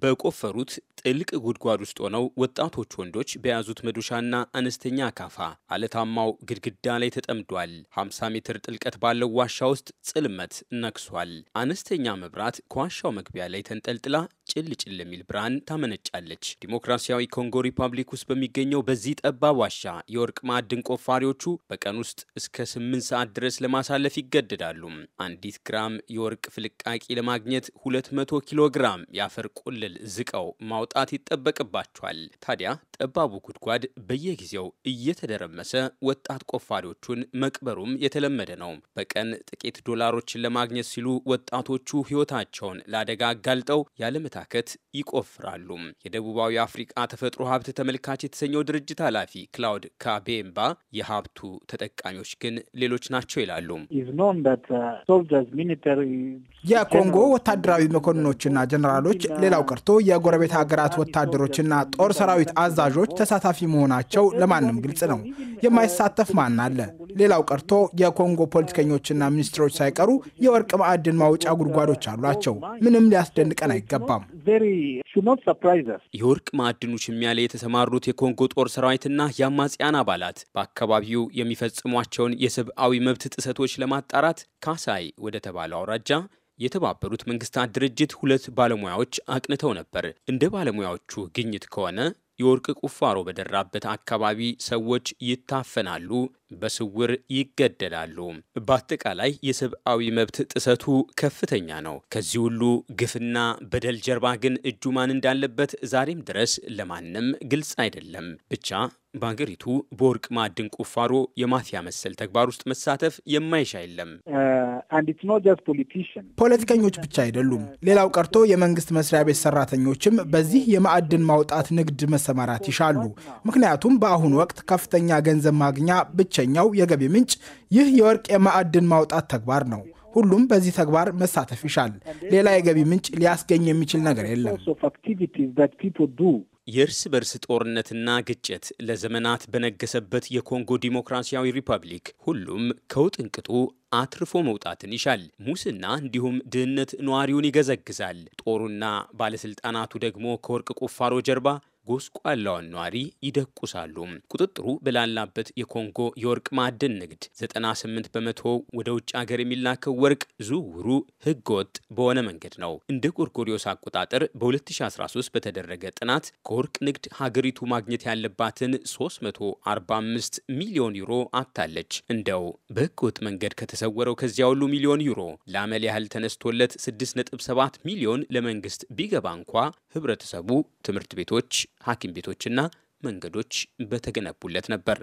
በቆፈሩት ጥልቅ ጉድጓድ ውስጥ ሆነው ወጣቶች ወንዶች በያዙት መዶሻና አነስተኛ አካፋ አለታማው ግድግዳ ላይ ተጠምዷል። 50 ሜትር ጥልቀት ባለው ዋሻ ውስጥ ጽልመት ነግሷል። አነስተኛ መብራት ከዋሻው መግቢያ ላይ ተንጠልጥላ ጭል ጭል የሚል ብርሃን ታመነጫለች። ዲሞክራሲያዊ ኮንጎ ሪፐብሊክ ውስጥ በሚገኘው በዚህ ጠባብ ዋሻ የወርቅ ማዕድን ቆፋሪዎቹ በቀን ውስጥ እስከ 8 ሰዓት ድረስ ለማሳለፍ ይገደዳሉ። አንዲት ግራም የወርቅ ፍልቃቂ ለማግኘት 200 ኪሎ ግራም የአፈር ቁልል ዝቀው ማውጣት መውጣት ይጠበቅባቸዋል። ታዲያ ጠባቡ ጉድጓድ በየጊዜው እየተደረመሰ ወጣት ቆፋሪዎቹን መቅበሩም የተለመደ ነው። በቀን ጥቂት ዶላሮችን ለማግኘት ሲሉ ወጣቶቹ ሕይወታቸውን ለአደጋ አጋልጠው ያለመታከት ይቆፍራሉ። የደቡባዊ አፍሪቃ ተፈጥሮ ሀብት ተመልካች የተሰኘው ድርጅት ኃላፊ ክላውድ ካቤምባ የሀብቱ ተጠቃሚዎች ግን ሌሎች ናቸው ይላሉ። uh, የኮንጎ ወታደራዊ መኮንኖችና ጀኔራሎች ሌላው ቀርቶ የጎረቤት ሀገራ ሀገራት ወታደሮችና ጦር ሰራዊት አዛዦች ተሳታፊ መሆናቸው ለማንም ግልጽ ነው። የማይሳተፍ ማን አለ? ሌላው ቀርቶ የኮንጎ ፖለቲከኞችና ሚኒስትሮች ሳይቀሩ የወርቅ ማዕድን ማውጫ ጉድጓዶች አሏቸው። ምንም ሊያስደንቀን አይገባም። የወርቅ ማዕድኑ ሽሚያ ላይ የተሰማሩት የኮንጎ ጦር ሰራዊትና የአማጽያን አባላት በአካባቢው የሚፈጽሟቸውን የሰብአዊ መብት ጥሰቶች ለማጣራት ካሳይ ወደ ተባለው አውራጃ የተባበሩት መንግስታት ድርጅት ሁለት ባለሙያዎች አቅንተው ነበር። እንደ ባለሙያዎቹ ግኝት ከሆነ የወርቅ ቁፋሮ በደራበት አካባቢ ሰዎች ይታፈናሉ፣ በስውር ይገደላሉ። በአጠቃላይ የሰብአዊ መብት ጥሰቱ ከፍተኛ ነው። ከዚህ ሁሉ ግፍና በደል ጀርባ ግን እጁ ማን እንዳለበት ዛሬም ድረስ ለማንም ግልጽ አይደለም። ብቻ በሀገሪቱ በወርቅ ማዕድን ቁፋሮ የማፊያ መሰል ተግባር ውስጥ መሳተፍ የማይሻ የለም። uh, ፖለቲከኞች ብቻ አይደሉም። ሌላው ቀርቶ የመንግስት መስሪያ ቤት ሰራተኞችም በዚህ የማዕድን ማውጣት ንግድ መሰማራት ይሻሉ። ምክንያቱም በአሁኑ ወቅት ከፍተኛ ገንዘብ ማግኛ ብቸኛው የገቢ ምንጭ ይህ የወርቅ የማዕድን ማውጣት ተግባር ነው። ሁሉም በዚህ ተግባር መሳተፍ ይሻል። ሌላ የገቢ ምንጭ ሊያስገኝ የሚችል ነገር የለም። የእርስ በርስ ጦርነትና ግጭት ለዘመናት በነገሰበት የኮንጎ ዲሞክራሲያዊ ሪፐብሊክ ሁሉም ከውጥንቅጡ አትርፎ መውጣትን ይሻል። ሙስና እንዲሁም ድህነት ነዋሪውን ይገዘግዛል። ጦሩና ባለስልጣናቱ ደግሞ ከወርቅ ቁፋሮ ጀርባ ጎስቋላዋን ነዋሪ ይደቁሳሉ። ቁጥጥሩ በላላበት የኮንጎ የወርቅ ማዕድን ንግድ 98 በመቶ ወደ ውጭ ሀገር የሚላከው ወርቅ ዝውውሩ ህገወጥ በሆነ መንገድ ነው። እንደ ጎርጎሪዮስ አቆጣጠር በ2013 በተደረገ ጥናት ከወርቅ ንግድ ሀገሪቱ ማግኘት ያለባትን 345 ሚሊዮን ዩሮ አታለች። እንደው በህገወጥ መንገድ ከተሰወረው ከዚያ ሁሉ ሚሊዮን ዩሮ ለአመል ያህል ተነስቶለት 6.7 ሚሊዮን ለመንግስት ቢገባ እንኳ ህብረተሰቡ፣ ትምህርት ቤቶች ሐኪም ቤቶችና መንገዶች በተገነቡለት ነበር።